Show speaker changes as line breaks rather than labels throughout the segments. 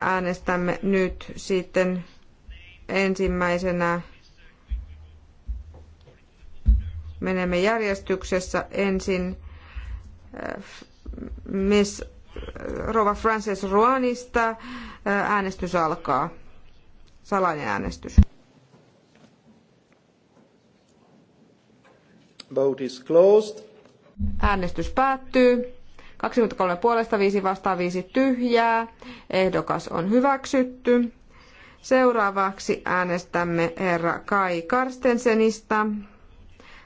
äänestämme nyt sitten ensimmäisenä menemme järjestyksessä ensin äh, Miss Rova Frances Ruanista. Äh, äänestys alkaa. Salainen äänestys. Vote is closed. Äänestys päättyy. 23 puolesta, 5 vastaan, 5 tyhjää. Ehdokas on hyväksytty. Seuraavaksi äänestämme herra Kai Karstensenista.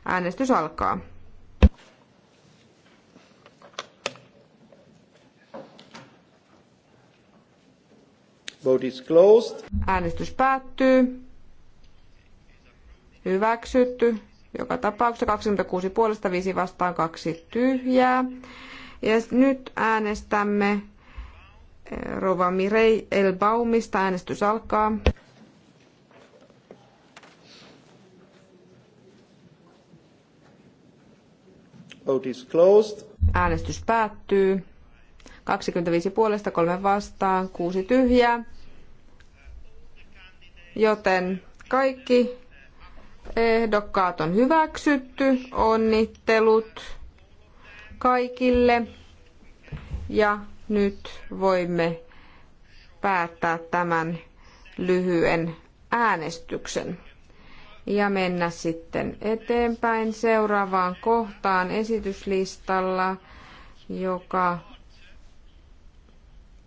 Äänestys alkaa. Vote is closed. Äänestys päättyy. Hyväksytty. Joka tapauksessa 26 puolesta 5 vastaan 2 tyhjää. Ja nyt äänestämme eh, Rova Mirei Elbaumista. Äänestys alkaa. Vote is closed. Äänestys päättyy. 25 puolesta, 3 vastaan, 6 tyhjää. Joten kaikki ehdokkaat on hyväksytty. Onnittelut kaikille. Ja nyt voimme päättää tämän lyhyen äänestyksen ja mennä sitten eteenpäin seuraavaan kohtaan esityslistalla, joka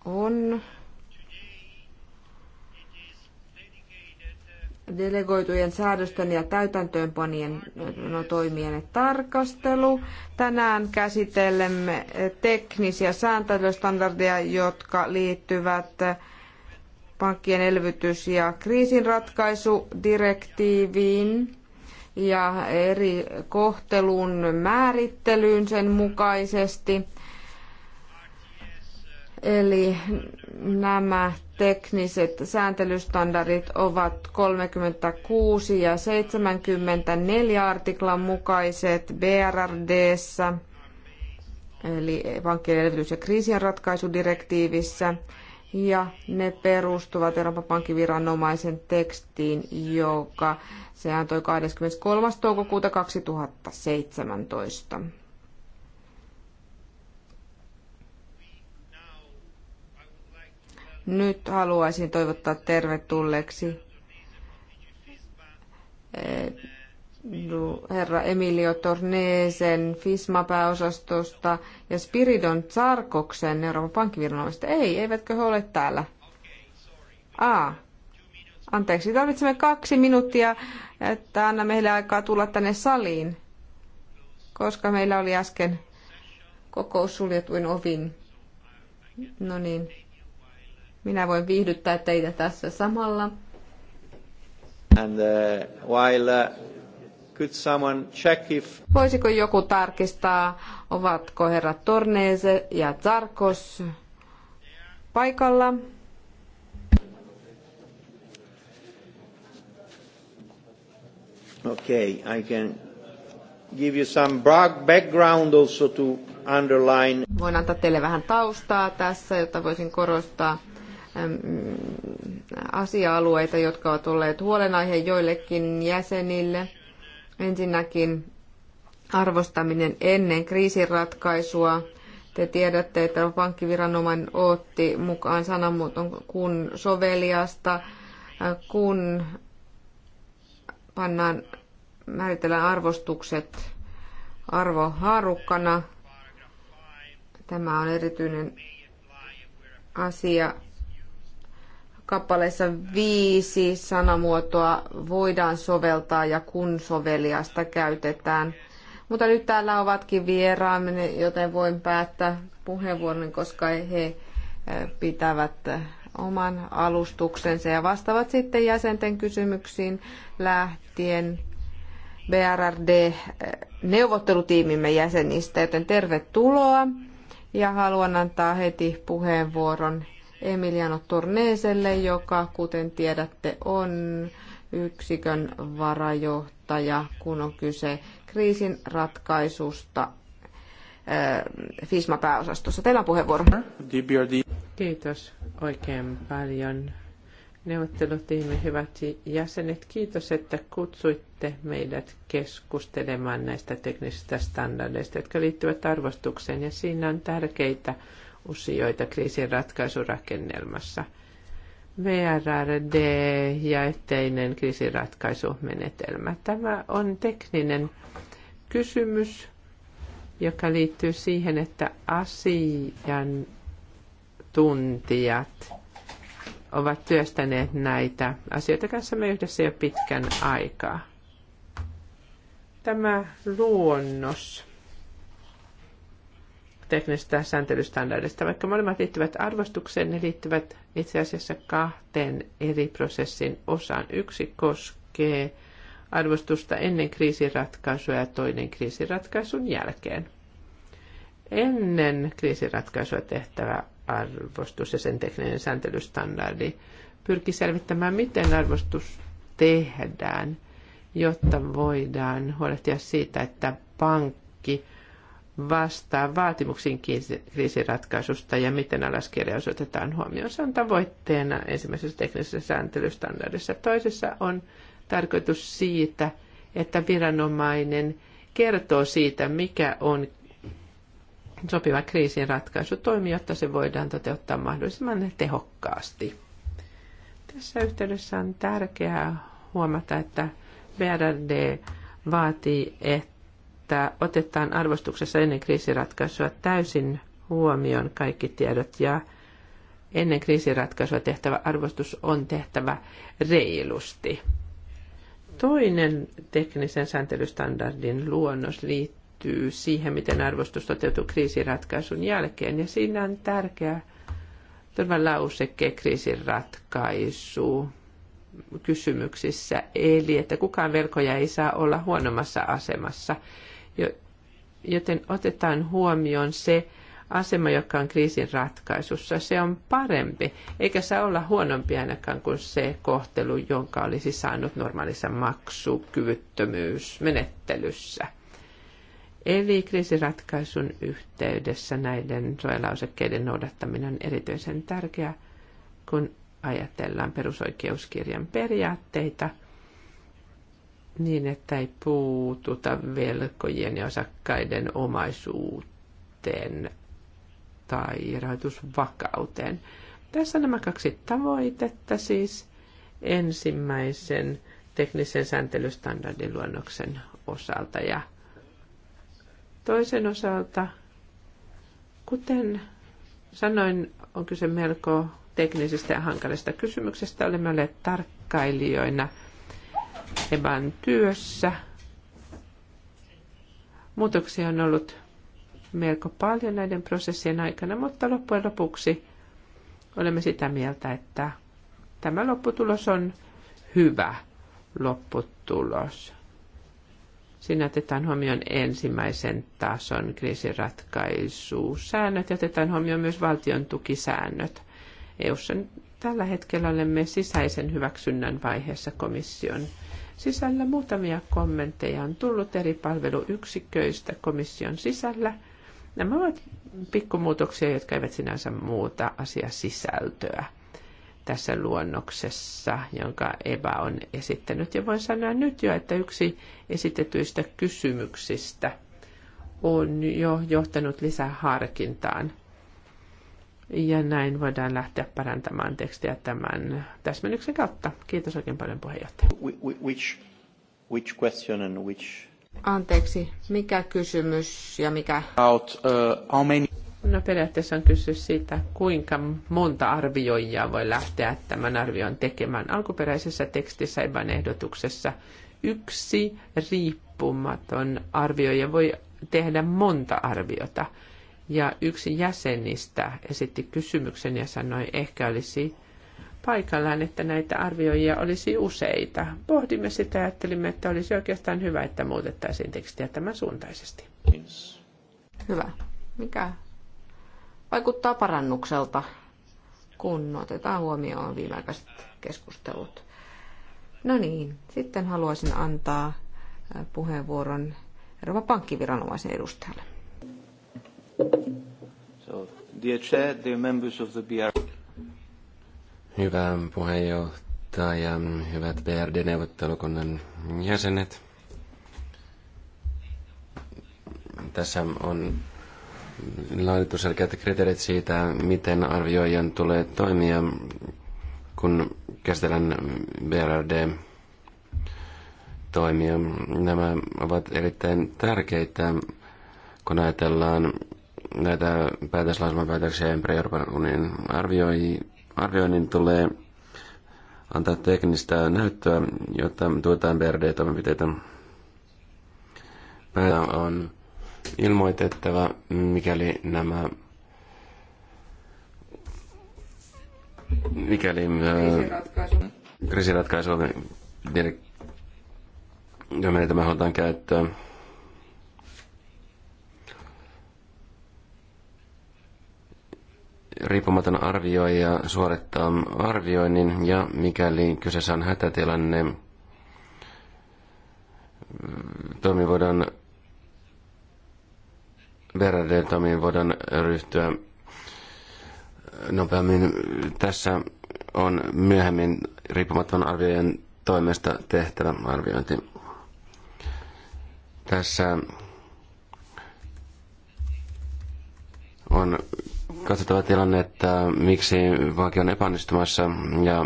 on delegoitujen säädösten ja täytäntöönpanien no, toimien tarkastelu. Tänään käsittelemme teknisiä sääntelystandardeja, jotka liittyvät pankkien elvytys- ja kriisinratkaisudirektiiviin ja eri kohtelun määrittelyyn sen mukaisesti – Eli nämä tekniset sääntelystandardit ovat 36 ja 74 artiklan mukaiset BRRDssä, eli pankkien elvytys- ja kriisinratkaisudirektiivissä, ja ne perustuvat Euroopan pankkiviranomaisen tekstiin, joka se antoi 23. toukokuuta 2017. Nyt haluaisin toivottaa tervetulleeksi eh, herra Emilio Torneesen FISMA-pääosastosta ja Spiridon Tsarkoksen Euroopan pankkiviranomaisesta. Ei, eivätkö he ole täällä? A. Anteeksi, tarvitsemme kaksi minuuttia, että anna meille aikaa tulla tänne saliin, koska meillä oli äsken kokous suljetuin ovin. No niin. Minä voin viihdyttää teitä tässä samalla.
And, uh, while,
uh, could someone check if... Voisiko joku tarkistaa, ovatko herrat Torneese ja Zarkos paikalla? Okay, I can give you some background also to
underline.
Voin antaa teille vähän taustaa tässä, jotta voisin korostaa asia-alueita, jotka ovat olleet huolenaihe joillekin jäsenille. Ensinnäkin arvostaminen ennen kriisinratkaisua. Te tiedätte, että pankkiviranomainen otti mukaan sanamuuton, kun soveliasta, kun pannaan, määritellään arvostukset arvoharukkana. Tämä on erityinen asia kappaleessa viisi sanamuotoa voidaan soveltaa ja kun soveliasta käytetään. Mutta nyt täällä ovatkin vieraamme, joten voin päättää puheenvuoron, koska he eh, pitävät oman alustuksensa ja vastaavat sitten jäsenten kysymyksiin lähtien BRRD-neuvottelutiimimme eh, jäsenistä, joten tervetuloa. Ja haluan antaa heti puheenvuoron Emiliano Torneeselle, joka kuten tiedätte on yksikön varajohtaja, kun on kyse kriisin ratkaisusta eh,
FISMA-pääosastossa. Teillä on puheenvuoro. DBRD. Kiitos oikein paljon neuvottelutiimin hyvät jäsenet. Kiitos, että kutsuitte meidät keskustelemaan näistä teknisistä standardeista, jotka liittyvät arvostukseen. Ja siinä on tärkeitä osioita kriisin ratkaisurakennelmassa. VRRD ja etteinen kriisinratkaisumenetelmä. Tämä on tekninen kysymys, joka liittyy siihen, että asiantuntijat ovat työstäneet näitä asioita me yhdessä jo pitkän aikaa. Tämä luonnos teknisestä sääntelystandardista. Vaikka molemmat liittyvät arvostukseen, ne liittyvät itse asiassa kahteen eri prosessin osaan. Yksi koskee arvostusta ennen kriisiratkaisua ja toinen kriisiratkaisun jälkeen. Ennen kriisiratkaisua tehtävä arvostus ja sen tekninen sääntelystandardi pyrki selvittämään, miten arvostus tehdään, jotta voidaan huolehtia siitä, että pankki – vastaa vaatimuksiin kriisiratkaisusta ja miten alaskirjaus otetaan huomioon. Se on tavoitteena ensimmäisessä teknisessä sääntelystandardissa. Toisessa on tarkoitus siitä, että viranomainen kertoo siitä, mikä on sopiva kriisin toimi, jotta se voidaan toteuttaa mahdollisimman tehokkaasti. Tässä yhteydessä on tärkeää huomata, että BRD vaatii, että että otetaan arvostuksessa ennen kriisiratkaisua täysin huomioon kaikki tiedot ja ennen kriisiratkaisua tehtävä arvostus on tehtävä reilusti. Toinen teknisen sääntelystandardin luonnos liittyy siihen, miten arvostus toteutuu kriisiratkaisun jälkeen, ja siinä on tärkeä turvalauseke kriisiratkaisu kysymyksissä, eli että kukaan velkoja ei saa olla huonommassa asemassa joten otetaan huomioon se asema, joka on kriisin ratkaisussa. Se on parempi, eikä saa olla huonompi ainakaan kuin se kohtelu, jonka olisi saanut normaalissa maksukyvyttömyysmenettelyssä. Eli kriisiratkaisun yhteydessä näiden suojelausekkeiden noudattaminen on erityisen tärkeää, kun ajatellaan perusoikeuskirjan periaatteita – niin, että ei puututa velkojen ja osakkaiden omaisuuteen tai rahoitusvakauteen. Tässä nämä kaksi tavoitetta siis ensimmäisen teknisen sääntelystandardin luonnoksen osalta ja toisen osalta, kuten sanoin, on kyse melko teknisestä ja hankalista kysymyksestä. Olemme olleet tarkkailijoina – Eban työssä. Muutoksia on ollut melko paljon näiden prosessien aikana, mutta loppujen lopuksi olemme sitä mieltä, että tämä lopputulos on hyvä lopputulos. Siinä otetaan huomioon ensimmäisen tason kriisiratkaisusäännöt ja otetaan huomioon myös valtion tukisäännöt. EUssa tällä hetkellä olemme sisäisen hyväksynnän vaiheessa komission sisällä. Muutamia kommentteja on tullut eri palveluyksiköistä komission sisällä. Nämä ovat pikkumuutoksia, jotka eivät sinänsä muuta asiasisältöä tässä luonnoksessa, jonka Eva on esittänyt. Ja voin sanoa nyt jo, että yksi esitetyistä kysymyksistä on jo johtanut lisää harkintaan. Ja näin voidaan lähteä parantamaan tekstiä tämän täsmennyksen kautta. Kiitos oikein paljon puheenjohtaja. Which, which question and which... Anteeksi, mikä kysymys ja mikä... Out, uh, how many... No periaatteessa on kysymys siitä, kuinka monta arvioijaa voi lähteä tämän arvion tekemään. Alkuperäisessä tekstissä Eban ehdotuksessa yksi riippumaton arvioija voi tehdä monta arviota – ja yksi jäsenistä esitti kysymyksen ja sanoi, ehkä olisi paikallaan, että näitä arvioijia olisi useita. Pohdimme sitä ja ajattelimme, että olisi oikeastaan hyvä, että muutettaisiin tekstiä tämän suuntaisesti.
Hyvä. Mikä vaikuttaa parannukselta, kun otetaan huomioon viimeaikaiset keskustelut? No niin, sitten haluaisin antaa puheenvuoron Euroopan pankkiviranomaisen edustajalle.
So, dear chair, dear members of the BR...
Hyvä puheenjohtaja, hyvät BRD-neuvottelukunnan jäsenet. Tässä on laadittu selkeät kriteerit siitä, miten arvioijan tulee toimia, kun käsitellään BRD toimia. Nämä ovat erittäin tärkeitä, kun ajatellaan näitä päätöslauselmapäätöksiä Empre Euroopan unionin arvioi, arvioinnin tulee antaa teknistä näyttöä, jotta tuetaan BRD-toimenpiteitä. Päätä on ilmoitettava, mikäli nämä mikäli kriisiratkaisudirektiivi ja menetelmä halutaan käyttöön. riippumaton arvioija suorittaa arvioinnin ja mikäli kyseessä on hätätilanne, toimi voidaan verraten toimiin voidaan ryhtyä nopeammin. Tässä on myöhemmin riippumaton arvioijan toimesta tehtävä arviointi. Tässä on katsottava tilanne, että miksi vaki on epäonnistumassa ja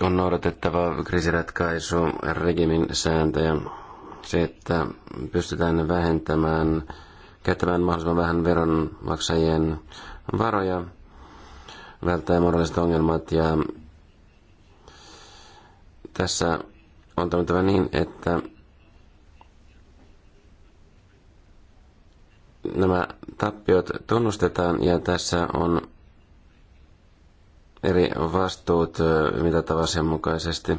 on noudatettava kriisiratkaisu regimin sääntöjä. Se, että pystytään vähentämään, käyttämään mahdollisimman vähän veronmaksajien varoja, välttää moraaliset ongelmat ja tässä on toimittava niin, että nämä tappiot tunnustetaan ja tässä on eri vastuut mitä sen mukaisesti.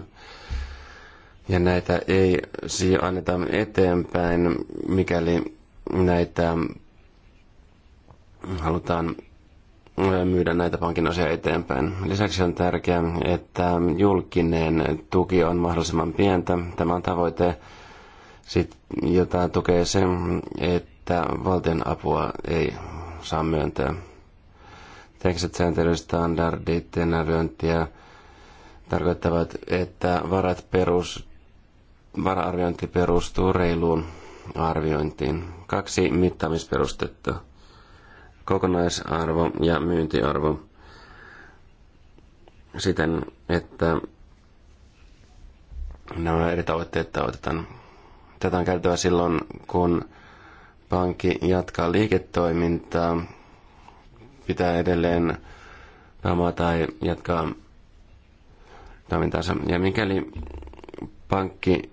Ja näitä ei siis anneta eteenpäin, mikäli näitä halutaan myydä näitä pankin osia eteenpäin. Lisäksi on tärkeää, että julkinen tuki on mahdollisimman pientä. Tämä on tavoite, sit, jota tukee se, että että valtion apua ei saa myöntää. Tekset sääntelystandardit, arviointia tarkoittavat, että varat perus, vara-arviointi perustuu reiluun arviointiin. Kaksi mittaamisperustetta. Kokonaisarvo ja myyntiarvo siten, että nämä eri tavoitteet tavoitetaan. Tätä on käytettävä silloin, kun pankki jatkaa liiketoimintaa, pitää edelleen pääomaa tai jatkaa toimintaansa. Ja mikäli pankki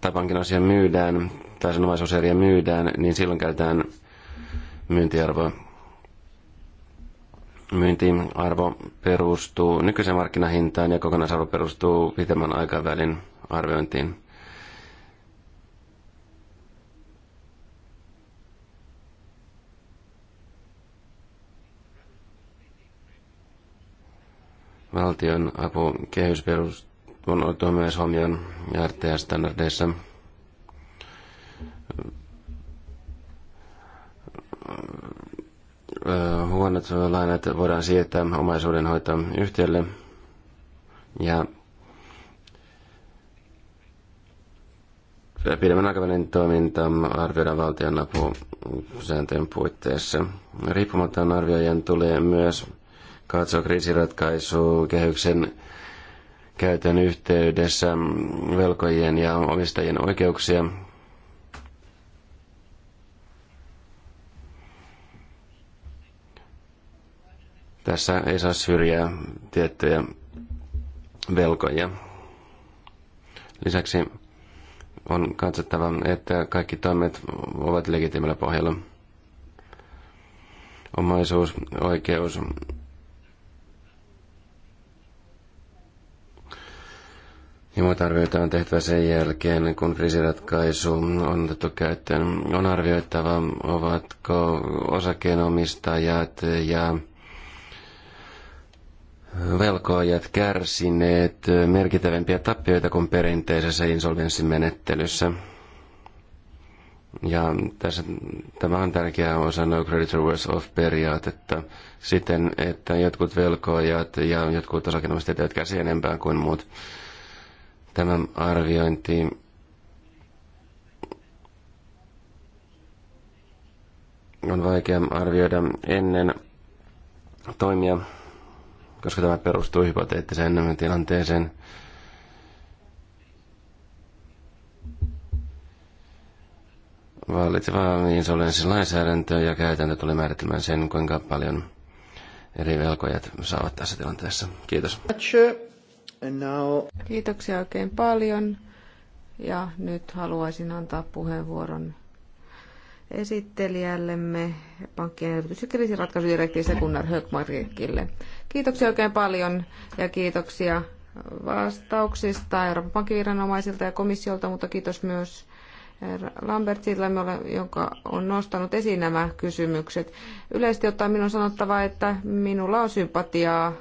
tai pankin asia myydään tai sen omaisuuseriä myydään, niin silloin käytetään myyntiarvoa. Myyntiarvo perustuu nykyiseen markkinahintaan ja kokonaisarvo perustuu pitemmän aikavälin arviointiin. Valtion apu kehysperus on otettu myös huomioon RTS-standardeissa. Huonot lainat voidaan siirtää omaisuuden hoitaa yhtiölle ja pidemmän aikavälin toiminta arvioidaan valtion apusääntöjen puitteissa. Riippumaton arvioijan tulee myös katsoo kriisiratkaisukehyksen käytön yhteydessä velkojien ja omistajien oikeuksia. Tässä ei saa syrjää tiettyjä velkoja. Lisäksi on katsottava, että kaikki toimet ovat legitiimillä pohjalla. Omaisuus, oikeus, ja muita arvioita on tehtävä sen jälkeen, kun kriisiratkaisu on otettu käyttöön. On arvioittava, ovatko osakkeenomistajat ja velkoajat kärsineet merkittävämpiä tappioita kuin perinteisessä insolvenssimenettelyssä. Ja tässä, tämä on tärkeä osa no creditor worse off periaatetta siten, että jotkut velkoajat ja jotkut osakkeenomistajat kärsivät enempää kuin muut tämän arviointi on vaikea arvioida ennen toimia, koska tämä perustuu hypoteettiseen tilanteeseen. Vallitseva insolvenssilainsäädäntö ja käytäntö tuli määrittelemään sen, kuinka paljon eri velkojat saavat tässä tilanteessa. Kiitos
now... Kiitoksia oikein paljon. Ja nyt haluaisin antaa puheenvuoron esittelijällemme pankkien elvytys- ja kriisiratkaisudirektiivistä Gunnar Högmarkille. Kiitoksia oikein paljon ja kiitoksia vastauksista Euroopan pankkiviranomaisilta ja komissiolta, mutta kiitos myös Lambert joka on nostanut esiin nämä kysymykset. Yleisesti ottaen minun on sanottava, että minulla on sympatiaa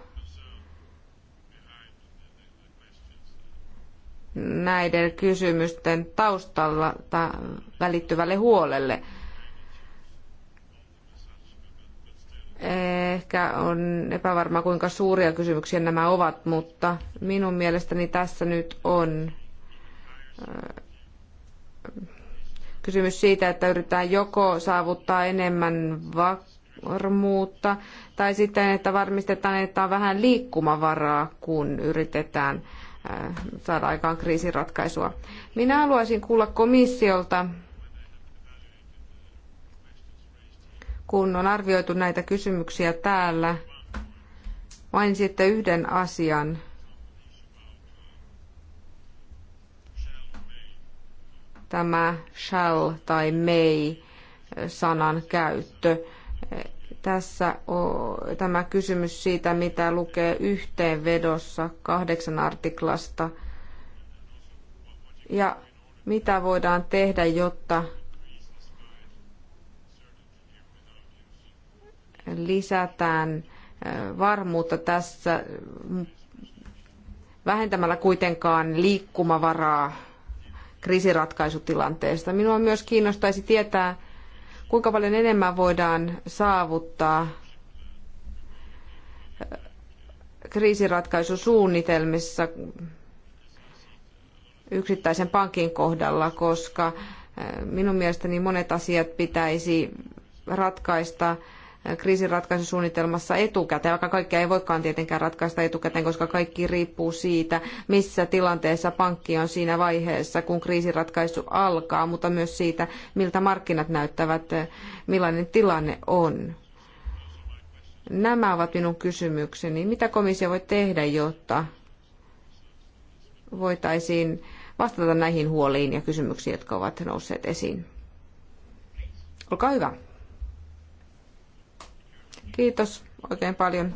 näiden kysymysten taustalla välittyvälle huolelle. Ehkä on epävarma, kuinka suuria kysymyksiä nämä ovat, mutta minun mielestäni tässä nyt on äh, kysymys siitä, että yritetään joko saavuttaa enemmän varmuutta tai sitten, että varmistetaan, että on vähän liikkumavaraa, kun yritetään Äh, saada aikaan kriisin ratkaisua. Minä haluaisin kuulla komissiolta, kun on arvioitu näitä kysymyksiä täällä, mainitsitte yhden asian. Tämä shall tai may sanan käyttö tässä tämä kysymys siitä, mitä lukee yhteenvedossa kahdeksan artiklasta ja mitä voidaan tehdä, jotta lisätään varmuutta tässä vähentämällä kuitenkaan liikkumavaraa kriisiratkaisutilanteesta. Minua myös kiinnostaisi tietää, kuinka paljon enemmän voidaan saavuttaa äh, kriisiratkaisusuunnitelmissa yksittäisen pankin kohdalla, koska äh, minun mielestäni monet asiat pitäisi ratkaista kriisinratkaisusuunnitelmassa etukäteen, vaikka kaikkea ei voikaan tietenkään ratkaista etukäteen, koska kaikki riippuu siitä, missä tilanteessa pankki on siinä vaiheessa, kun kriisinratkaisu alkaa, mutta myös siitä, miltä markkinat näyttävät, millainen tilanne on. Nämä ovat minun kysymykseni. Mitä komissio voi tehdä, jotta voitaisiin vastata näihin huoliin ja kysymyksiin, jotka ovat nousseet esiin? Olkaa hyvä. Kiitos oikein paljon.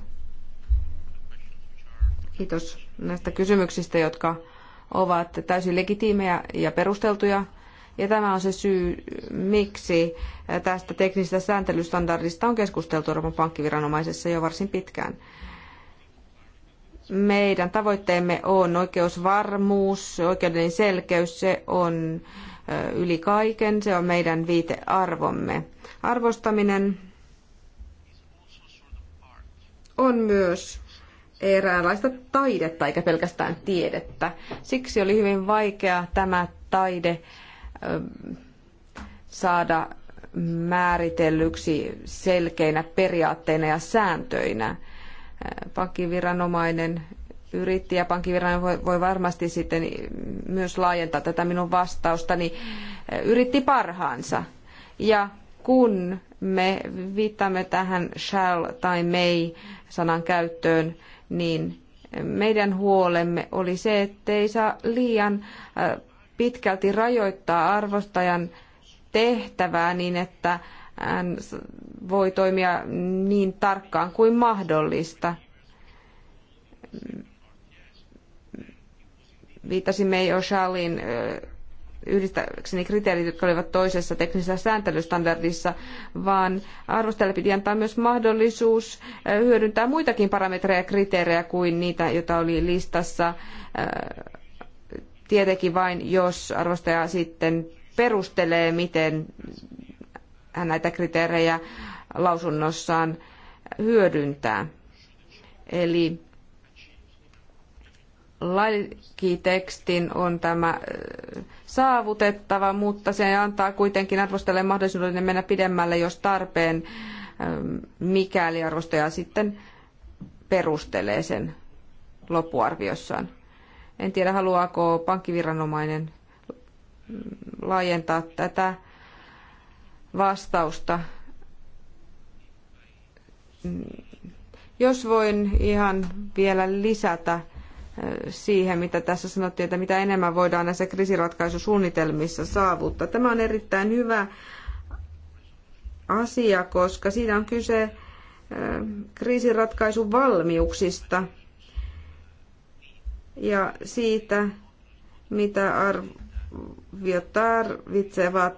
Kiitos näistä kysymyksistä, jotka ovat täysin legitiimejä ja perusteltuja. Ja tämä on se syy, miksi tästä teknisestä sääntelystandardista on keskusteltu Euroopan pankkiviranomaisessa jo varsin pitkään. Meidän tavoitteemme on oikeusvarmuus, oikeudellinen selkeys, se on yli kaiken, se on meidän viitearvomme. Arvostaminen on myös eräänlaista taidetta eikä pelkästään tiedettä. Siksi oli hyvin vaikea tämä taide ähm, saada määritellyksi selkeinä periaatteina ja sääntöinä. Äh, pankkiviranomainen yritti ja pankkiviranomainen voi varmasti sitten myös laajentaa tätä minun vastaustani, äh, yritti parhaansa. Ja kun me viittaamme tähän shall tai may sanan käyttöön, niin meidän huolemme oli se, ettei saa liian äh, pitkälti rajoittaa arvostajan tehtävää niin, että hän voi toimia niin tarkkaan kuin mahdollista. Viittasimme jo Shalin äh, yhdistääkseni kriteerit, jotka olivat toisessa teknisessä sääntelystandardissa, vaan arvostajalle piti antaa myös mahdollisuus hyödyntää muitakin parametreja ja kriteerejä kuin niitä, joita oli listassa. Tietenkin vain, jos arvostaja sitten perustelee, miten hän näitä kriteerejä lausunnossaan hyödyntää. Eli lakitekstin on tämä äh, saavutettava, mutta se antaa kuitenkin arvostelijalle mahdollisuuden mennä pidemmälle, jos tarpeen, äh, mikäli arvostaja sitten perustelee sen loppuarviossaan. En tiedä, haluaako pankkiviranomainen laajentaa tätä vastausta. Mm, jos voin ihan vielä lisätä siihen, mitä tässä sanottiin, että mitä enemmän voidaan näissä kriisiratkaisusuunnitelmissa saavuttaa. Tämä on erittäin hyvä asia, koska siinä on kyse kriisiratkaisuvalmiuksista ja siitä, mitä arviot tarvitsevat.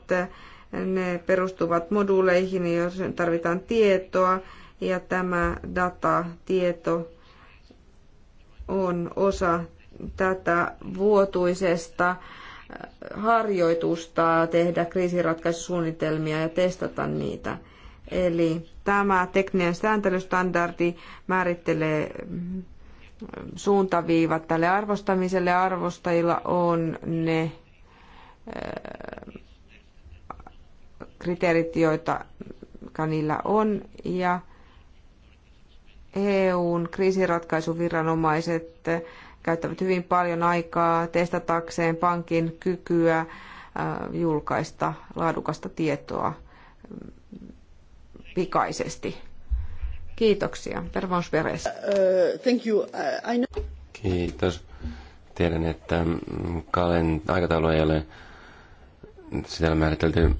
Ne perustuvat moduuleihin, jos tarvitaan tietoa, ja tämä data, tieto on osa tätä vuotuisesta harjoitusta tehdä kriisiratkaisusuunnitelmia ja testata niitä. Eli tämä tekninen sääntelystandardi määrittelee mm, suuntaviivat tälle arvostamiselle. Arvostajilla on ne eh, kriteerit, joita niillä on, ja EUn kriisiratkaisuviranomaiset käyttävät hyvin paljon aikaa testatakseen pankin kykyä äh, julkaista laadukasta tietoa mm, pikaisesti. Kiitoksia. Pervans Veres.
Uh, uh,
Kiitos. Tiedän, että mm, Kalen aikataulu ei ole sitä määritelty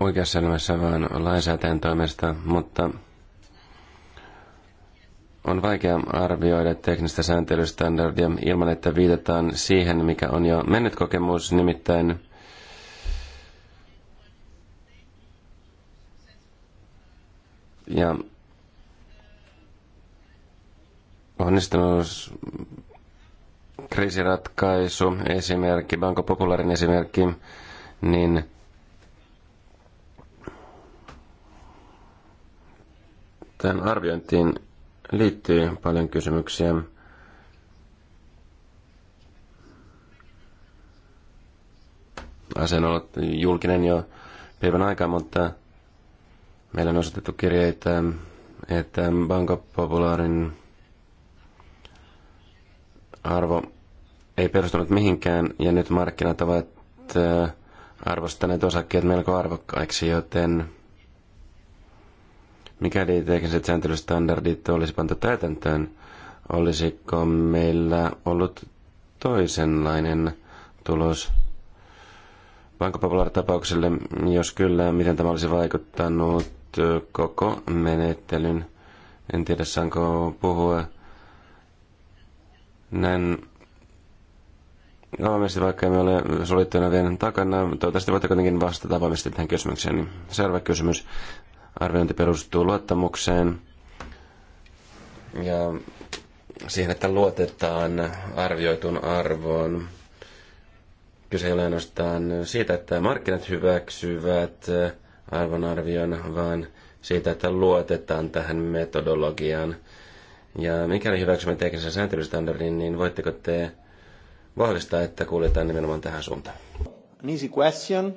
oikeassa elämässä, vaan lainsäätäjän toimesta, mutta on vaikea arvioida teknistä sääntelystandardia ilman, että viitataan siihen, mikä on jo mennyt kokemus, nimittäin ja onnistunut kriisiratkaisu, esimerkki, Banco Popularin esimerkki, niin tämän arviointiin liittyy paljon kysymyksiä. Asia on ollut julkinen jo päivän aikaa, mutta meillä on osoitettu kirjeitä, että Banco Popularin arvo ei perustunut mihinkään, ja nyt markkinat ovat äh, arvostaneet osakkeet melko arvokkaiksi, joten Mikäli tekniset sääntelystandardit olisi pantu täytäntöön, olisiko meillä ollut toisenlainen tulos Banco tapaukselle Jos kyllä, miten tämä olisi vaikuttanut koko menettelyn? En tiedä, saanko puhua näin avoimesti, vaikka emme ole solittuina vielä takana. Toivottavasti voitte kuitenkin vastata avoimesti tähän kysymykseen. seuraava selvä kysymys. Arviointi perustuu luottamukseen ja siihen, että luotetaan arvioitun arvoon. Kyse ei ole ainoastaan siitä, että markkinat hyväksyvät arvonarvion, vaan siitä, että luotetaan tähän metodologiaan. Ja mikäli hyväksymme teknisen sääntelystandardin, niin voitteko te vahvistaa, että kuljetaan nimenomaan tähän suuntaan? An easy question.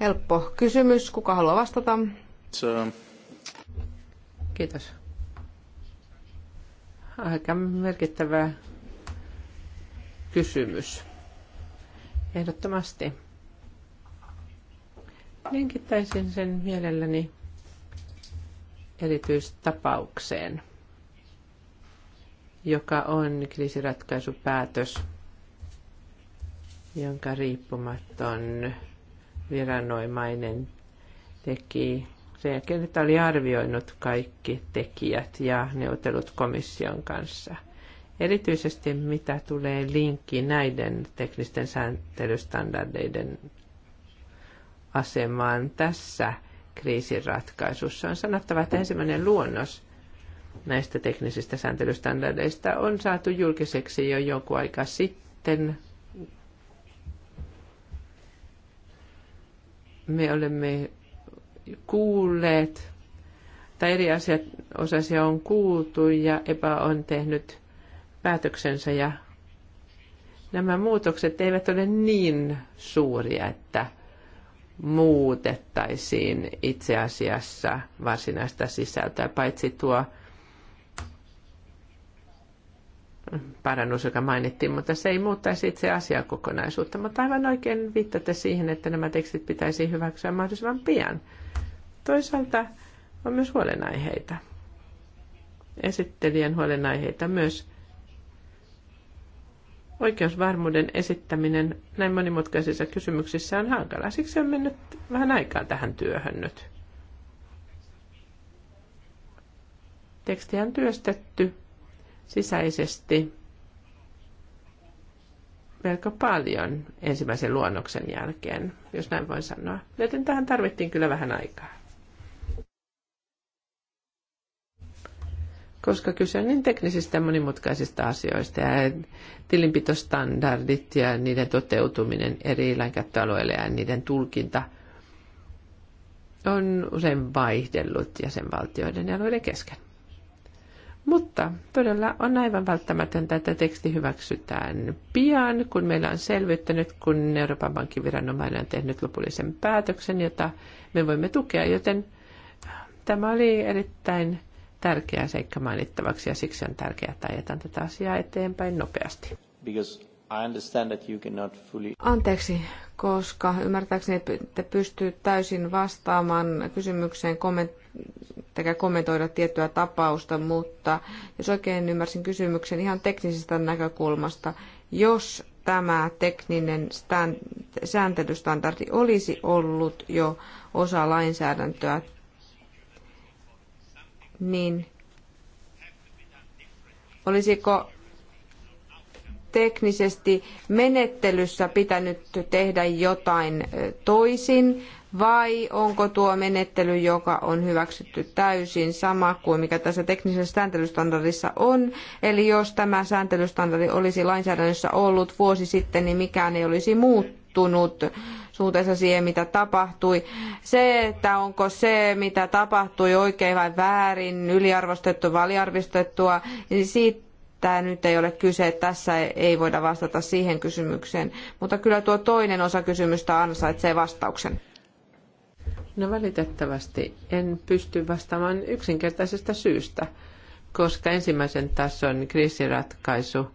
Helppo kysymys. Kuka haluaa
vastata? Kiitos. Aika merkittävä kysymys. Ehdottomasti. Linkittäisin sen mielelläni erityistapaukseen, joka on kriisiratkaisupäätös, jonka riippumaton viranomainen teki sen jälkeen, että oli arvioinut kaikki tekijät ja neuvotellut komission kanssa. Erityisesti mitä tulee linkki näiden teknisten sääntelystandardeiden asemaan tässä kriisiratkaisussa, on sanottava, että ensimmäinen luonnos näistä teknisistä sääntelystandardeista on saatu julkiseksi jo jonkun aika sitten me olemme kuulleet, tai eri asiat osasia on kuultu ja epä on tehnyt päätöksensä ja nämä muutokset eivät ole niin suuria, että muutettaisiin itse asiassa varsinaista sisältöä, paitsi tuo parannus, joka mainittiin, mutta se ei muuttaisi itse asiaa kokonaisuutta. Mutta aivan oikein viittate siihen, että nämä tekstit pitäisi hyväksyä mahdollisimman pian. Toisaalta on myös huolenaiheita. Esittelijän huolenaiheita myös oikeusvarmuuden esittäminen näin monimutkaisissa kysymyksissä on hankala. Siksi on mennyt vähän aikaa tähän työhön nyt. Tekstiä on työstetty sisäisesti melko paljon ensimmäisen luonnoksen jälkeen, jos näin voin sanoa. Joten tähän tarvittiin kyllä vähän aikaa. Koska kyse on niin teknisistä ja monimutkaisista asioista ja tilinpitostandardit ja niiden toteutuminen eri eläinkäyttöalueille ja niiden tulkinta on usein vaihdellut jäsenvaltioiden ja alueiden kesken. Mutta todella on aivan välttämätöntä, että teksti hyväksytään pian, kun meillä on selvittänyt, kun Euroopan pankin viranomainen on tehnyt lopullisen päätöksen, jota me voimme tukea, joten äh, tämä oli erittäin tärkeä seikka mainittavaksi ja siksi on tärkeää, että ajetaan tätä asiaa eteenpäin nopeasti. Fully...
Anteeksi, koska ymmärtääkseni te pystyy täysin vastaamaan kysymykseen kommentti tekä kommentoida tiettyä tapausta, mutta jos oikein ymmärsin kysymyksen ihan teknisestä näkökulmasta, jos tämä tekninen stand, sääntelystandardi olisi ollut jo osa lainsäädäntöä, niin olisiko teknisesti menettelyssä pitänyt tehdä jotain toisin vai onko tuo menettely, joka on hyväksytty täysin sama kuin mikä tässä teknisessä sääntelystandardissa on. Eli jos tämä sääntelystandardi olisi lainsäädännössä ollut vuosi sitten, niin mikään ei olisi muuttunut suhteessa siihen, mitä tapahtui. Se, että onko se, mitä tapahtui oikein vai väärin, yliarvostettu vai aliarvostettua, niin siitä tämä nyt ei ole kyse, tässä ei voida vastata siihen kysymykseen. Mutta kyllä tuo toinen osa kysymystä ansaitsee vastauksen.
No valitettavasti en pysty vastaamaan yksinkertaisesta syystä, koska ensimmäisen tason kriisiratkaisu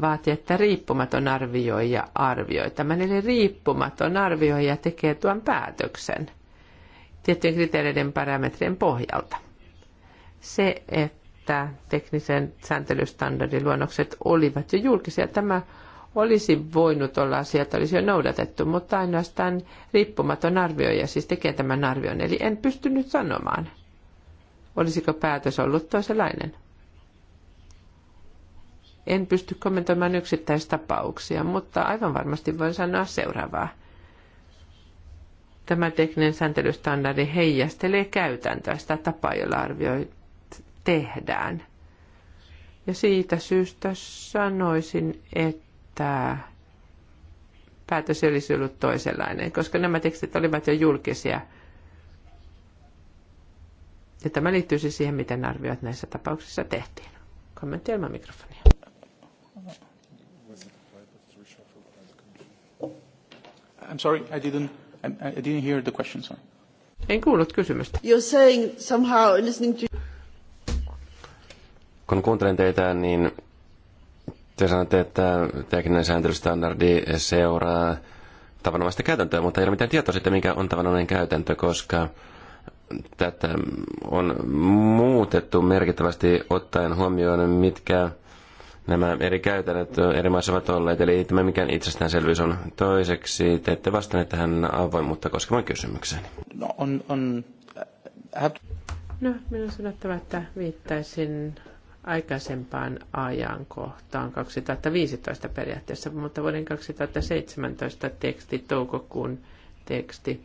vaatii, että riippumaton arvioija arvioi tämän. Eli riippumaton arvioija tekee tuon päätöksen tiettyjen kriteereiden parametrien pohjalta. Se, että että teknisen sääntelystandardin luonnokset olivat jo julkisia. Tämä olisi voinut olla asia, että olisi jo noudatettu, mutta ainoastaan riippumaton arvioija siis tekee tämän arvion. Eli en pystynyt sanomaan, olisiko päätös ollut toisenlainen. En pysty kommentoimaan yksittäistapauksia, mutta aivan varmasti voin sanoa seuraavaa. Tämä tekninen sääntelystandardi heijastelee käytäntöä sitä tapaa, jolla arvioi tehdään. Ja siitä syystä sanoisin, että päätös olisi ollut toisenlainen, koska nämä tekstit olivat jo julkisia. Ja tämä siis siihen, miten arviot näissä tapauksissa tehtiin. Kommentti ilman mikrofonia.
I'm sorry, I didn't, I didn't hear the question, sorry.
En kuullut kysymystä. You're saying somehow listening to
kun kuuntelen teitä, niin te sanotte, että tekninen sääntelystandardi seuraa tavanomaista käytäntöä, mutta ei ole mitään tietoa siitä, mikä on tavanomainen käytäntö, koska tätä on muutettu merkittävästi ottaen huomioon, mitkä nämä eri käytännöt eri maissa ovat olleet. Eli tämä mikään itsestäänselvyys on. Toiseksi te ette vastanneet tähän avoimuutta koskevan kysymykseen.
No, on, on, äh, äh, no minun sanottava, että viittaisin aikaisempaan ajankohtaan 2015 periaatteessa, mutta vuoden 2017 teksti, toukokuun teksti,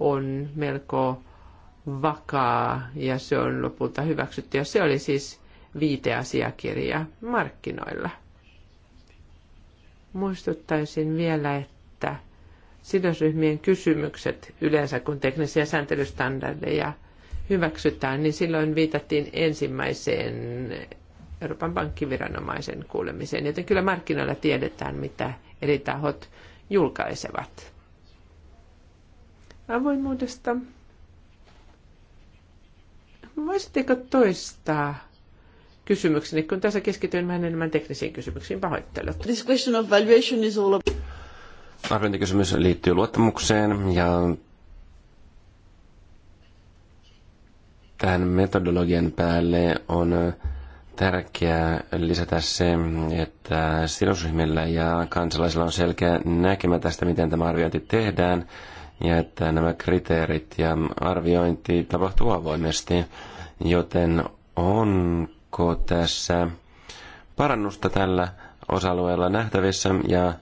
on melko vakaa ja se on lopulta hyväksytty. Ja se oli siis viiteasiakirja markkinoilla. Muistuttaisin vielä, että sidosryhmien kysymykset yleensä, kun teknisiä sääntelystandardeja – hyväksytään, niin silloin viitattiin ensimmäiseen Euroopan pankkiviranomaisen kuulemiseen, joten kyllä markkinoilla tiedetään, mitä eri tahot julkaisevat. Avoimuudesta. Voisitteko toistaa kysymykseni, kun tässä keskityin vähän enemmän teknisiin kysymyksiin, pahoittelut. This question of valuation is all about...
Arviointikysymys liittyy luottamukseen ja Tähän metodologian päälle on tärkeää lisätä se, että sidosryhmillä ja kansalaisilla on selkeä näkemä tästä, miten tämä arviointi tehdään, ja että nämä kriteerit ja arviointi tapahtuu avoimesti, joten onko tässä parannusta tällä osa-alueella nähtävissä ja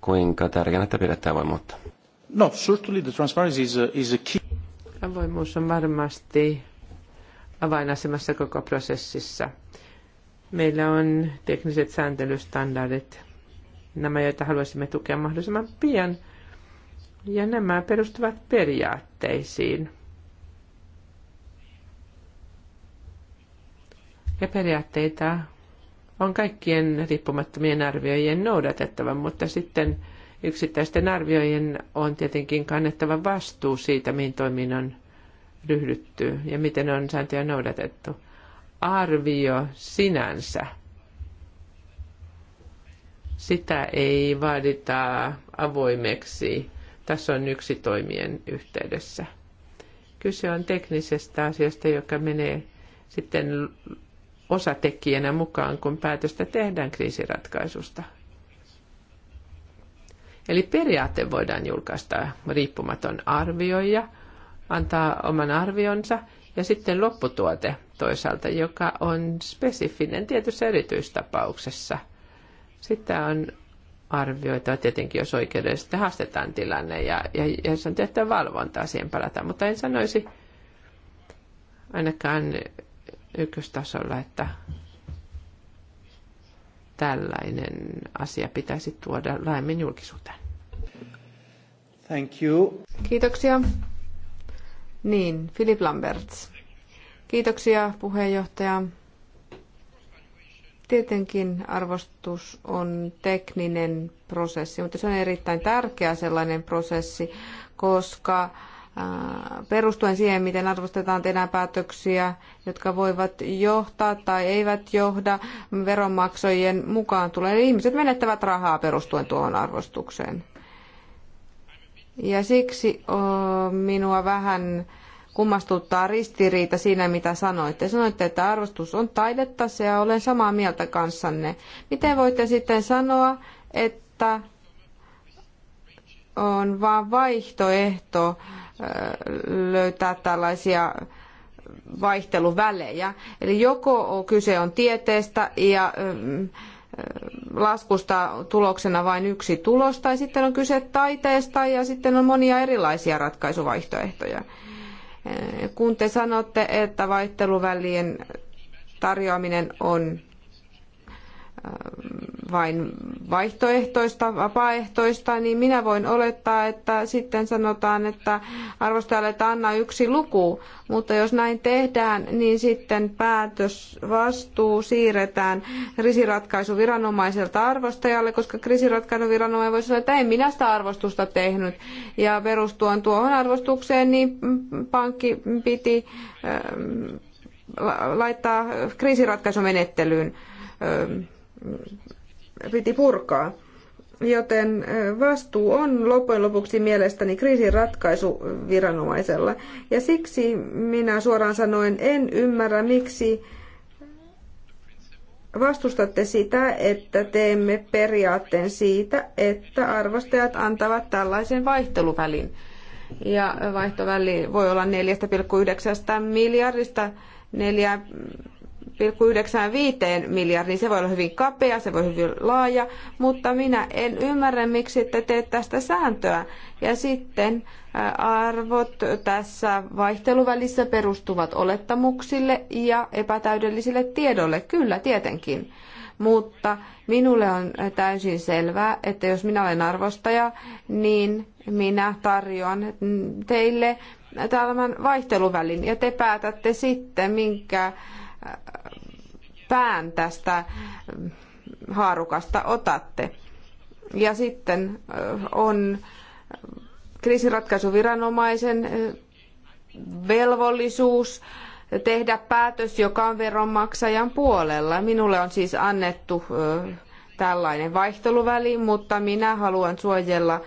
kuinka tärkeänä että pidätte avoimuutta?
No,
certainly the transparency is a, is a key.
Avoimuus on varmasti avainasemassa koko prosessissa. Meillä on tekniset sääntelystandardit, nämä joita haluaisimme tukea mahdollisimman pian, ja nämä perustuvat periaatteisiin. Ja periaatteita on kaikkien riippumattomien arvioijien noudatettava, mutta sitten yksittäisten arvioijien on tietenkin kannettava vastuu siitä, mihin toiminnan on ryhdytty ja miten on sääntöjä noudatettu. Arvio sinänsä. Sitä ei vaadita avoimeksi tason yksi toimien yhteydessä. Kyse on teknisestä asiasta, joka menee sitten osatekijänä mukaan, kun päätöstä tehdään kriisiratkaisusta. Eli periaate voidaan julkaista riippumaton arvioija – antaa oman arvionsa ja sitten lopputuote toisaalta, joka on spesifinen tietyssä erityistapauksessa. Sitä on arvioitava tietenkin, jos oikeudellisesti haastetaan tilanne ja, ja, ja se on tehtävä valvontaa, siihen palata. Mutta en sanoisi ainakaan ykköstasolla, että tällainen asia pitäisi tuoda laajemmin julkisuuteen. Thank you. Kiitoksia.
Niin, Philip Lamberts. Kiitoksia puheenjohtaja. Tietenkin arvostus on tekninen prosessi, mutta se on erittäin tärkeä sellainen prosessi, koska äh, perustuen siihen, miten arvostetaan tehdään päätöksiä, jotka voivat johtaa tai eivät johda veronmaksajien mukaan tulee. Niin ihmiset menettävät rahaa perustuen tuohon arvostukseen. Ja siksi minua vähän kummastuttaa ristiriita siinä, mitä sanoitte. Sanoitte, että arvostus on taidetta, se ja olen samaa mieltä kanssanne. Miten voitte sitten sanoa, että on vain vaihtoehto löytää tällaisia vaihteluvälejä. Eli joko kyse on tieteestä ja laskusta tuloksena vain yksi tulos, tai sitten on kyse taiteesta ja sitten on monia erilaisia ratkaisuvaihtoehtoja. Kun te sanotte, että vaihteluvälien tarjoaminen on vain vaihtoehtoista, vapaaehtoista, niin minä voin olettaa, että sitten sanotaan, että arvostajalle, että anna yksi luku, mutta jos näin tehdään, niin sitten päätösvastuu siirretään kriisiratkaisuviranomaiselta arvostajalle, koska kriisiratkaisuviranomainen voi sanoa, että en minä sitä arvostusta tehnyt. Ja perustuen tuohon arvostukseen, niin pankki piti ähm, laittaa kriisiratkaisumenettelyyn ähm, piti purkaa. Joten vastuu on loppujen lopuksi mielestäni kriisin ratkaisu viranomaisella. Ja siksi minä suoraan sanoen en ymmärrä, miksi vastustatte sitä, että teemme periaatteen siitä, että arvostajat antavat tällaisen vaihteluvälin. Ja vaihtoväli voi olla 4,9 miljardista 4 1,95 miljardiin. Se voi olla hyvin kapea, se voi olla hyvin laaja, mutta minä en ymmärrä, miksi te teet tästä sääntöä. Ja sitten arvot tässä vaihteluvälissä perustuvat olettamuksille ja epätäydellisille tiedolle. Kyllä, tietenkin. Mutta minulle on täysin selvää, että jos minä olen arvostaja, niin minä tarjoan teille tämän vaihteluvälin ja te päätätte sitten, minkä pään tästä haarukasta otatte. Ja sitten on kriisiratkaisuviranomaisen velvollisuus tehdä päätös, joka on veronmaksajan puolella. Minulle on siis annettu tällainen vaihteluväli, mutta minä haluan suojella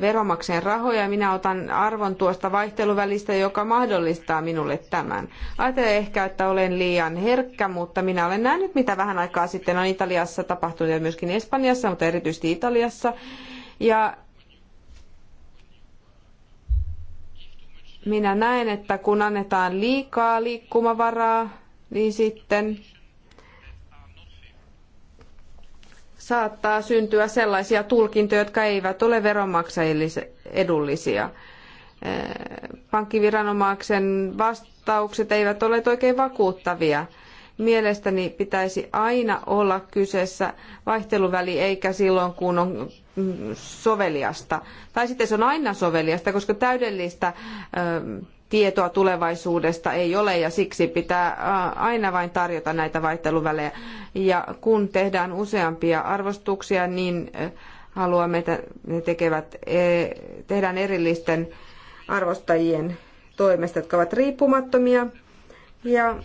veromakseen rahoja ja minä otan arvon tuosta vaihteluvälistä, joka mahdollistaa minulle tämän. Ajattelen ehkä, että olen liian herkkä, mutta minä olen nähnyt, mitä vähän aikaa sitten on Italiassa tapahtunut ja myöskin Espanjassa, mutta erityisesti Italiassa. Ja minä näen, että kun annetaan liikaa liikkumavaraa, niin sitten saattaa syntyä sellaisia tulkintoja, jotka eivät ole veronmaksajille edullisia. Pankkiviranomaisen vastaukset eivät ole oikein vakuuttavia. Mielestäni pitäisi aina olla kyseessä vaihteluväli eikä silloin, kun on soveliasta. Tai sitten se on aina soveliasta, koska täydellistä ö, tietoa tulevaisuudesta ei ole ja siksi pitää aina vain tarjota näitä vaihteluvälejä. Ja kun tehdään useampia arvostuksia, niin haluamme, että ne tekevät, e, tehdään erillisten arvostajien toimesta, jotka ovat riippumattomia. Ja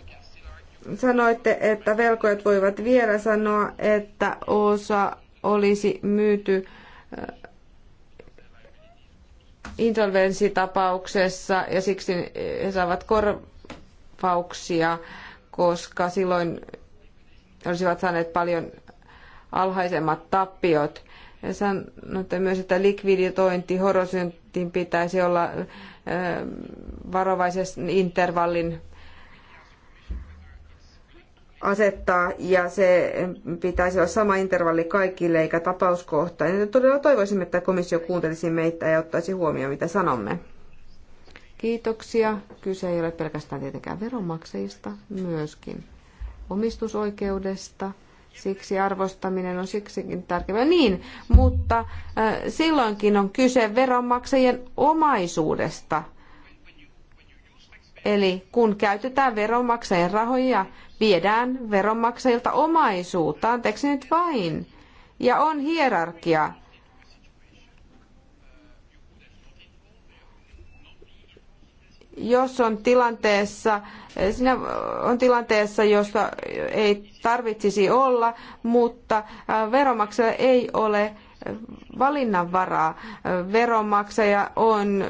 sanoitte, että velkojat voivat vielä sanoa, että osa olisi myyty insolvenssitapauksessa ja siksi he saavat korvauksia, koska silloin olisivat saaneet paljon alhaisemmat tappiot. Ja sanotte myös, että likviditointi horosyntin pitäisi olla varovaisen intervallin asettaa ja se pitäisi olla sama intervalli kaikille eikä tapauskohtainen. Ja todella toivoisimme, että komissio kuuntelisi meitä ja ottaisi huomioon, mitä sanomme. Kiitoksia. Kyse ei ole pelkästään tietenkään veronmaksajista, myöskin omistusoikeudesta. Siksi arvostaminen on siksikin tärkeää. Niin, mutta äh, silloinkin on kyse veronmaksajien omaisuudesta – Eli kun käytetään veronmaksajien rahoja, viedään veronmaksajilta omaisuutta, anteeksi nyt vain. Ja on hierarkia. Jos on tilanteessa, siinä on tilanteessa, josta ei tarvitsisi olla, mutta äh, veronmaksaja ei ole valinnanvaraa. Veronmaksaja on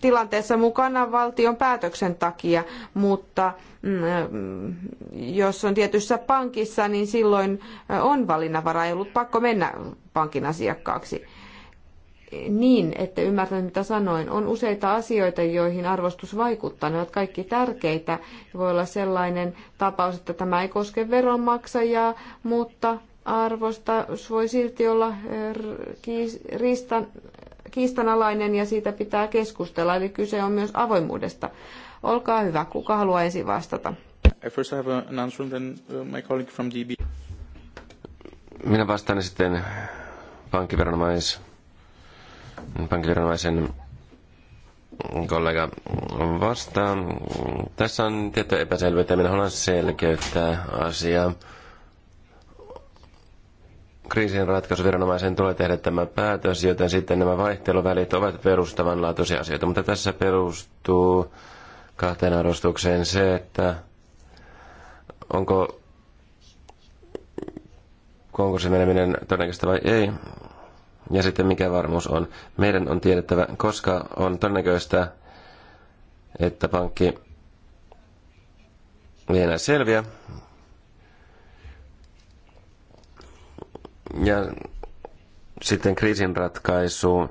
tilanteessa mukana valtion päätöksen takia, mutta mm, jos on tietyssä pankissa, niin silloin on valinnanvaraa. Ei ollut pakko mennä pankin asiakkaaksi niin, että ymmärrän mitä sanoin. On useita asioita, joihin arvostus vaikuttaa. Ne ovat kaikki tärkeitä. Voi olla sellainen tapaus, että tämä ei koske veronmaksajaa, mutta arvosta voi silti olla er, kiistanalainen ja siitä pitää keskustella, eli kyse on myös avoimuudesta. Olkaa hyvä, kuka haluaa ensin vastata?
Uh,
minä vastaan sitten pankkiviranomais, pankkiviranomaisen kollega vastaan. Tässä on tiettyä epäselvyyttä ja minä haluan selkeyttää asiaa kriisin ratkaisuviranomaisen tulee tehdä tämä päätös, joten sitten nämä vaihteluvälit ovat perustavanlaatuisia asioita. Mutta tässä perustuu kahteen arvostukseen se, että onko se meneminen todennäköistä vai ei. Ja sitten mikä varmuus on. Meidän on tiedettävä, koska on todennäköistä, että pankki ei enää selviä, Ja sitten kriisinratkaisu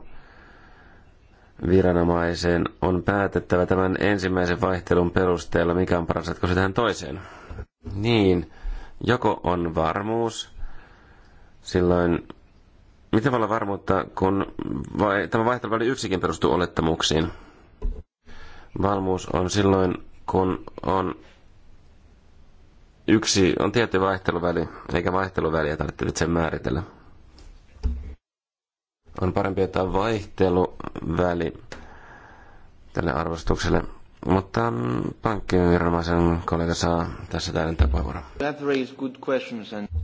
viranomaiseen on päätettävä tämän ensimmäisen vaihtelun perusteella, mikä on paras ratkaisu tähän toiseen. Niin, joko on varmuus, silloin mitä voi olla varmuutta, kun vai, tämä oli yksikin perustuu olettamuksiin? Valmuus on silloin, kun on yksi on tietty vaihteluväli, eikä vaihteluväliä tarvitse nyt sen määritellä. On parempi ottaa vaihteluväli tälle arvostukselle, mutta pankkiviranomaisen kollega saa tässä täydentää puheenvuoron.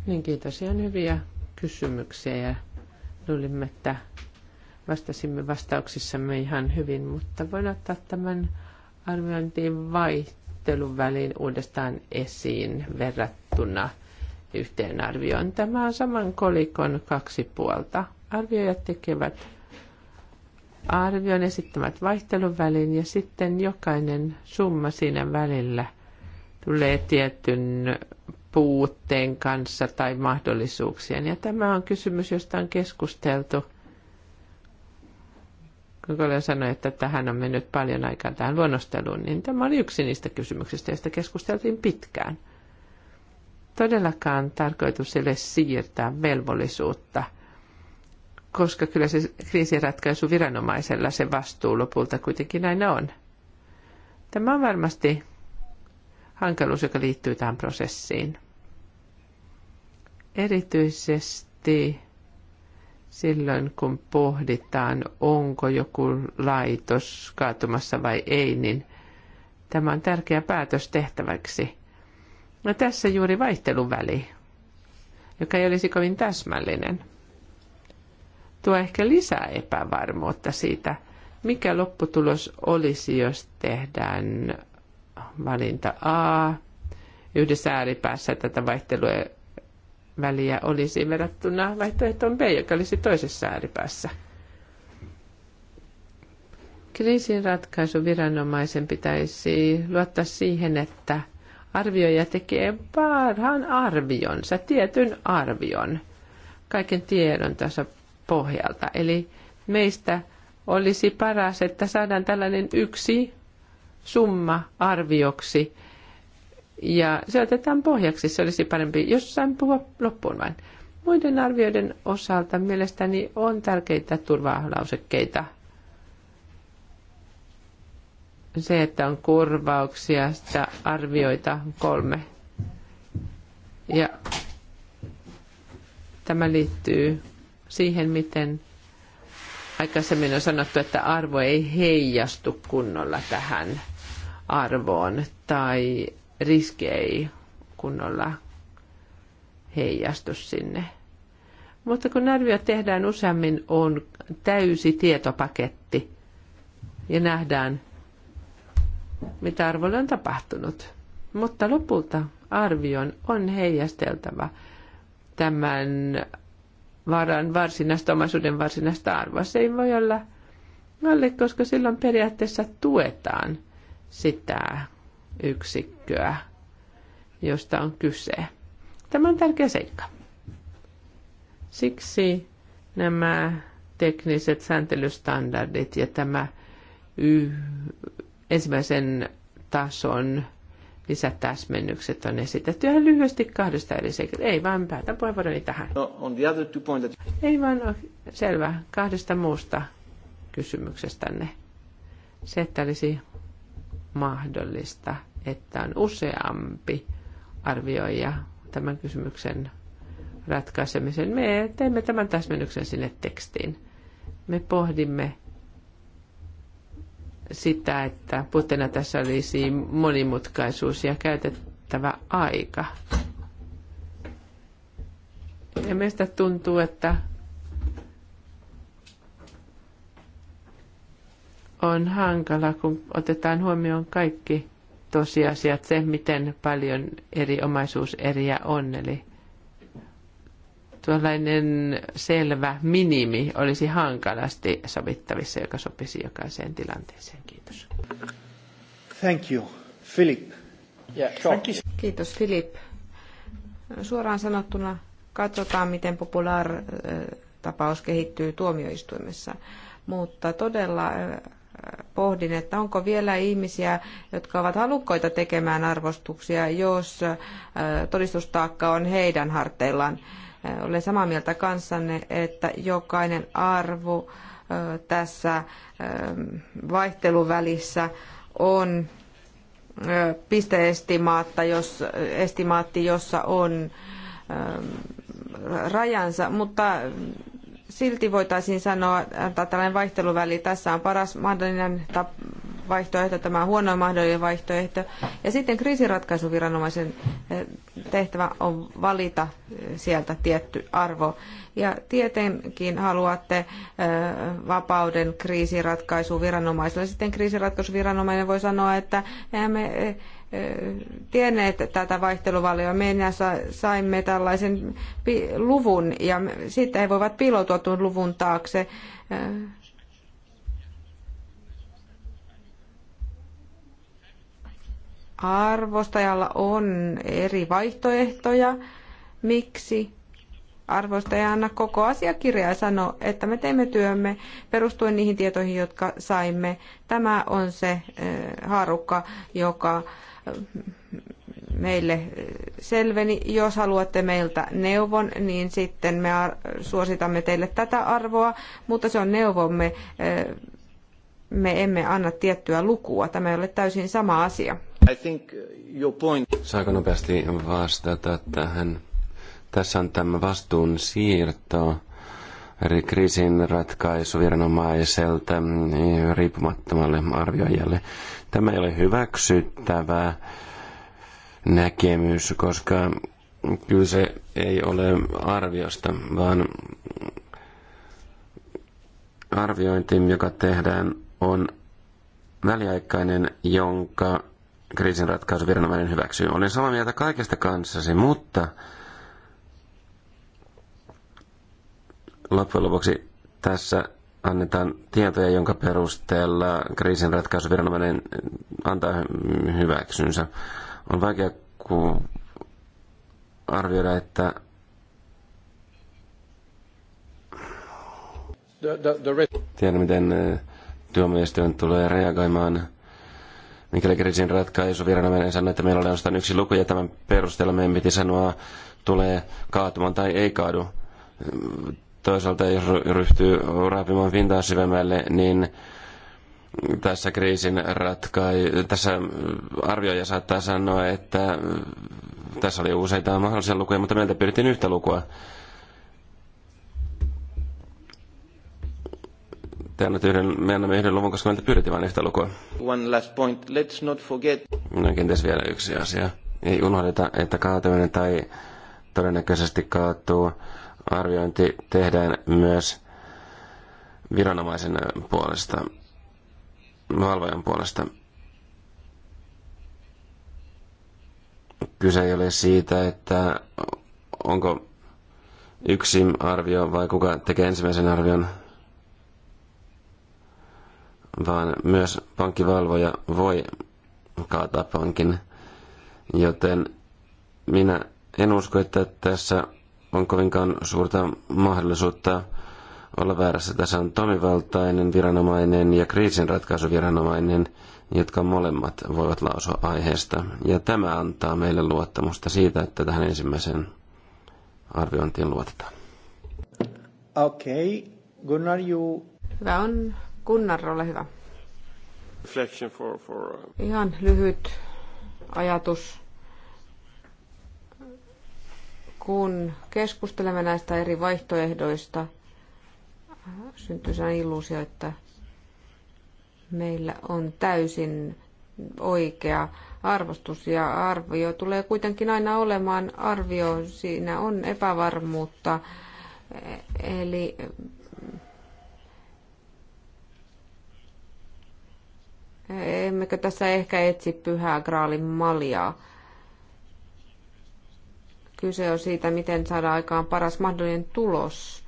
Niin kiitos, ihan hyviä kysymyksiä ja luulimme, että vastasimme vastauksissamme ihan hyvin, mutta voin ottaa tämän arviointiin vaihtoehtoon neuvotteluvälin uudestaan esiin verrattuna yhteen arvioon. Tämä on saman kolikon kaksi puolta. Arvioijat tekevät arvion esittämät vaihteluvälin ja sitten jokainen summa siinä välillä tulee tietyn puutteen kanssa tai mahdollisuuksien. Ja tämä on kysymys, josta on keskusteltu – kun Kolja sanoi, että tähän on mennyt paljon aikaa tähän luonnosteluun, niin tämä oli yksi niistä kysymyksistä, joista keskusteltiin pitkään. Todellakaan tarkoitus ei ole siirtää velvollisuutta, koska kyllä se kriisiratkaisu viranomaisella se vastuu lopulta kuitenkin näin on. Tämä on varmasti hankaluus, joka liittyy tähän prosessiin. Erityisesti silloin, kun pohditaan, onko joku laitos kaatumassa vai ei, niin tämä on tärkeä päätös tehtäväksi. No tässä juuri vaihteluväli, joka ei olisi kovin täsmällinen. Tuo ehkä lisää epävarmuutta siitä, mikä lopputulos olisi, jos tehdään valinta A, yhdessä ääripäässä tätä vaihtelua väliä olisi verrattuna vaihtoehtoon B, joka olisi toisessa ääripäässä. Kriisin ratkaisu viranomaisen pitäisi luottaa siihen, että arvioija tekee parhaan arvionsa, tietyn arvion, kaiken tiedon tässä pohjalta. Eli meistä olisi paras, että saadaan tällainen yksi summa arvioksi – ja se otetaan pohjaksi. Se olisi parempi, jos sain puhua loppuun vain. Muiden arvioiden osalta mielestäni on tärkeitä turvalausekkeita. Se, että on korvauksia, sitä arvioita kolme. Ja tämä liittyy siihen, miten aikaisemmin on sanottu, että arvo ei heijastu kunnolla tähän arvoon tai riski ei kunnolla heijastu sinne. Mutta kun arvio tehdään useammin, on täysi tietopaketti ja nähdään, mitä arvolle on tapahtunut. Mutta lopulta arvion on heijasteltava tämän varan varsinaista omaisuuden varsinaista arvoa. Se ei voi olla alle, koska silloin periaatteessa tuetaan sitä yksikköä, josta on kyse. Tämä on tärkeä seikka. Siksi nämä tekniset sääntelystandardit ja tämä y- ensimmäisen tason lisätäsmennykset on esitetty ihan lyhyesti kahdesta eri seikasta. Ei vaan päätän puheenvuoroni tähän. No, on the other two point that... Ei vaan, no, selvä, kahdesta muusta kysymyksestänne. Se, että olisi mahdollista – että on useampi arvioija tämän kysymyksen ratkaisemisen. Me teemme tämän täsmennyksen sinne tekstiin. Me pohdimme sitä, että puutteena tässä olisi monimutkaisuus ja käytettävä aika. Ja meistä tuntuu, että on hankala, kun otetaan huomioon kaikki tosiasiat, se miten paljon eri omaisuuseriä on. Eli tuollainen selvä minimi olisi hankalasti sovittavissa, joka sopisi jokaiseen tilanteeseen. Kiitos.
Thank you. Philip. Yeah, sure. Kiitos Philip. Suoraan sanottuna katsotaan, miten populaar äh, tapaus kehittyy tuomioistuimessa. Mutta todella äh, pohdin, että onko vielä ihmisiä, jotka ovat halukkaita tekemään arvostuksia, jos todistustaakka on heidän harteillaan. Olen samaa mieltä kanssanne, että jokainen arvo tässä vaihteluvälissä on pisteestimaatta, jos, estimaatti, jossa on rajansa, mutta silti voitaisiin sanoa, että tällainen vaihteluväli, tässä on paras mahdollinen vaihtoehto, tämä on huono mahdollinen vaihtoehto. Ja sitten kriisinratkaisuviranomaisen eh, tehtävä on valita eh, sieltä tietty arvo. Ja tietenkin haluatte eh, vapauden kriisinratkaisuviranomaiselle. Sitten kriisinratkaisuviranomainen voi sanoa, että me tienneet tätä vaihteluvaliota. Me saimme tällaisen luvun ja siitä he voivat piiloutua tuon luvun taakse. Arvostajalla on eri vaihtoehtoja. Miksi arvostaja anna koko asiakirjaa ja sano, että me teemme työmme perustuen niihin tietoihin, jotka saimme. Tämä on se eh, haarukka, joka meille selveni. Jos haluatte meiltä neuvon, niin sitten me suositamme teille tätä arvoa, mutta se on neuvomme. Me emme anna tiettyä lukua. Tämä ei ole täysin sama asia.
I think uh, your point... Saako nopeasti vastata tähän? Tässä on tämä vastuun siirto kriisin viranomaiselta mm, riippumattomalle arvioijalle. Tämä ei ole hyväksyttävä näkemys, koska kyse ei ole arviosta, vaan arviointi, joka tehdään, on väliaikainen, jonka kriisinratkaisuviranomainen hyväksyy. Olen samaa mieltä kaikesta kanssasi, mutta loppujen lopuksi tässä annetaan tietoja, jonka perusteella kriisinratkaisuviranomainen antaa hyväksynsä. On vaikea arvioida, että tiedän, miten työmiestyön tulee reagoimaan. Mikäli kriisin ratkaisu viranomainen sanoi, että meillä oli ainoastaan yksi luku ja tämän perusteella meidän piti sanoa, tulee kaatumaan tai ei kaadu. Toisaalta jos ryhtyy raapimaan pintaa syvemmälle, niin tässä kriisin ratkai, tässä arvioija saattaa sanoa, että tässä oli useita mahdollisia lukuja, mutta meiltä pyydettiin yhtä lukua. Te annat yhden, me annamme yhden luvun, koska meiltä pyydettiin vain yhtä lukua. One last point. Let's not forget. No kenties vielä yksi asia. Ei unohdeta, että kaatuminen tai todennäköisesti kaatuu arviointi tehdään myös viranomaisen puolesta, valvojan puolesta. Kyse ei ole siitä, että onko yksi arvio vai kuka tekee ensimmäisen arvion, vaan myös pankkivalvoja voi kaataa pankin. Joten minä en usko, että tässä on kovinkaan suurta mahdollisuutta olla väärässä. Tässä on toimivaltainen viranomainen ja kriisinratkaisuviranomainen, jotka molemmat voivat lausua aiheesta. Ja tämä antaa meille luottamusta siitä, että tähän ensimmäiseen arviointiin luotetaan.
Okei, okay. Gunnar, you... Hyvä on. Gunnar, ole hyvä.
Reflection for, for... Uh, Ihan lyhyt
ajatus kun keskustelemme näistä eri vaihtoehdoista, syntyy sellainen illuusio, että meillä on täysin oikea arvostus ja arvio tulee kuitenkin aina olemaan arvio. Siinä on epävarmuutta. Eli emmekö tässä ehkä etsi pyhää graalin maljaa? Kyse on siitä, miten saada aikaan paras mahdollinen tulos.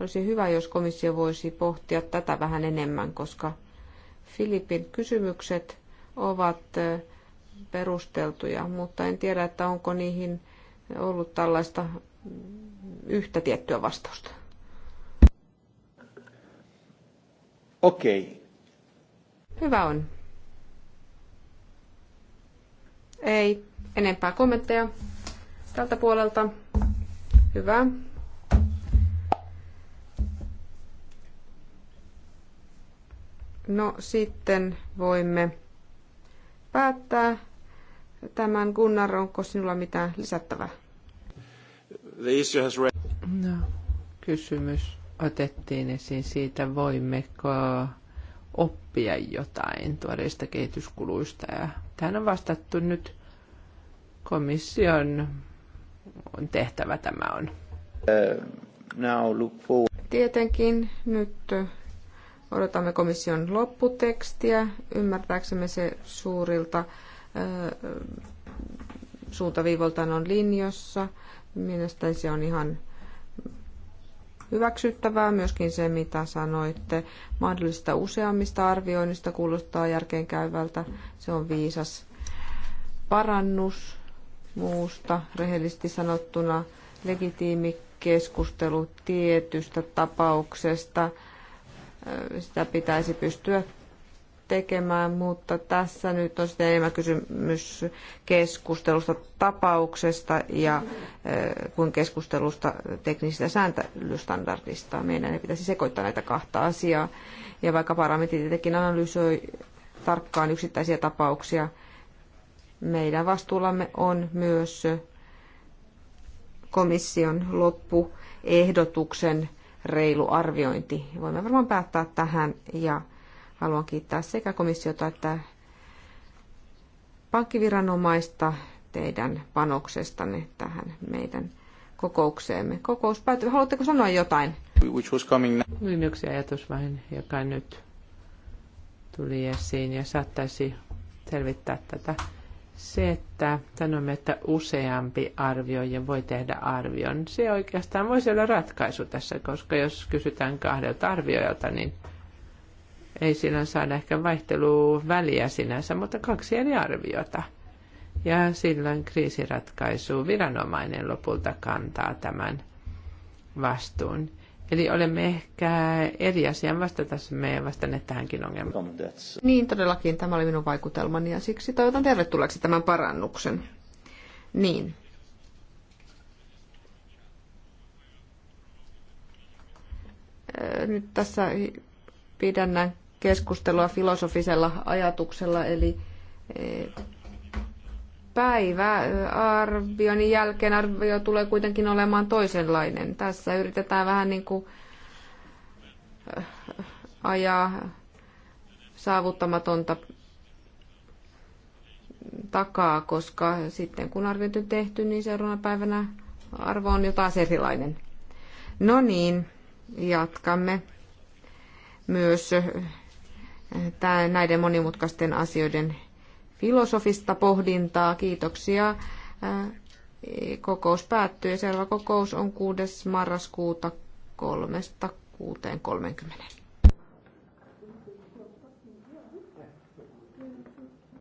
Olisi hyvä, jos komissio voisi pohtia tätä vähän enemmän, koska Filippin kysymykset ovat perusteltuja, mutta en tiedä, että onko niihin ollut tällaista mm, yhtä tiettyä vastausta.
Okei. Okay.
Hyvä on. Ei enempää kommentteja. Tältä puolelta. Hyvä. No sitten voimme päättää tämän. Gunnar, onko sinulla mitään lisättävää?
No, kysymys otettiin esiin siitä, voimmeko oppia jotain tuoreista kehityskuluista. Ja tähän on vastattu nyt komission on tehtävä tämä on. Uh, Tietenkin nyt
odotamme komission lopputekstiä. Ymmärtääksemme se suurilta uh, suuntaviivoltaan on linjossa. Mielestäni se on ihan hyväksyttävää myöskin se, mitä sanoitte. Mahdollisista useammista arvioinnista kuulostaa järkeenkäyvältä. Se on viisas parannus muusta, rehellisesti sanottuna legitiimi keskustelu tietystä tapauksesta. Sitä pitäisi pystyä tekemään, mutta tässä nyt on sitten enemmän kysymys keskustelusta tapauksesta ja kuin keskustelusta teknisistä sääntelystandardista. Meidän ei pitäisi sekoittaa näitä kahta asiaa. Ja vaikka parlamentti tietenkin analysoi tarkkaan yksittäisiä tapauksia, meidän vastuullamme on myös komission loppuehdotuksen reilu arviointi. Voimme varmaan päättää tähän ja haluan kiittää sekä komissiota että pankkiviranomaista teidän panoksestanne tähän meidän kokoukseemme.
Kokous päätyy. Haluatteko sanoa jotain?
Which was coming
Niin yksi ajatus vähän, joka nyt tuli esiin ja saattaisi selvittää tätä se, että sanomme, että useampi arvioija voi tehdä arvion, se oikeastaan voisi olla ratkaisu tässä, koska jos kysytään kahdelta arvioijalta, niin ei siinä saada ehkä vaihtelua väliä sinänsä, mutta kaksi eri arviota. Ja silloin kriisiratkaisu viranomainen lopulta kantaa tämän vastuun. Eli olemme ehkä eri asian tässä, me vastanneet tähänkin ongelmaan. Niin todellakin, tämä oli minun vaikutelmani ja siksi toivotan tervetulleeksi
tämän parannuksen. Niin. Äh, nyt tässä pidän keskustelua filosofisella ajatuksella, eli eh, päivä arvioinnin jälkeen arvio tulee kuitenkin olemaan toisenlainen. Tässä yritetään vähän niin kuin äh, ajaa saavuttamatonta takaa, koska sitten kun arviointi on tehty, niin seuraavana päivänä arvo on jotain erilainen. No niin, jatkamme myös äh, näiden monimutkaisten asioiden filosofista pohdintaa. Kiitoksia. Kokous päättyy. Seuraava kokous on 6. marraskuuta 3.6.30.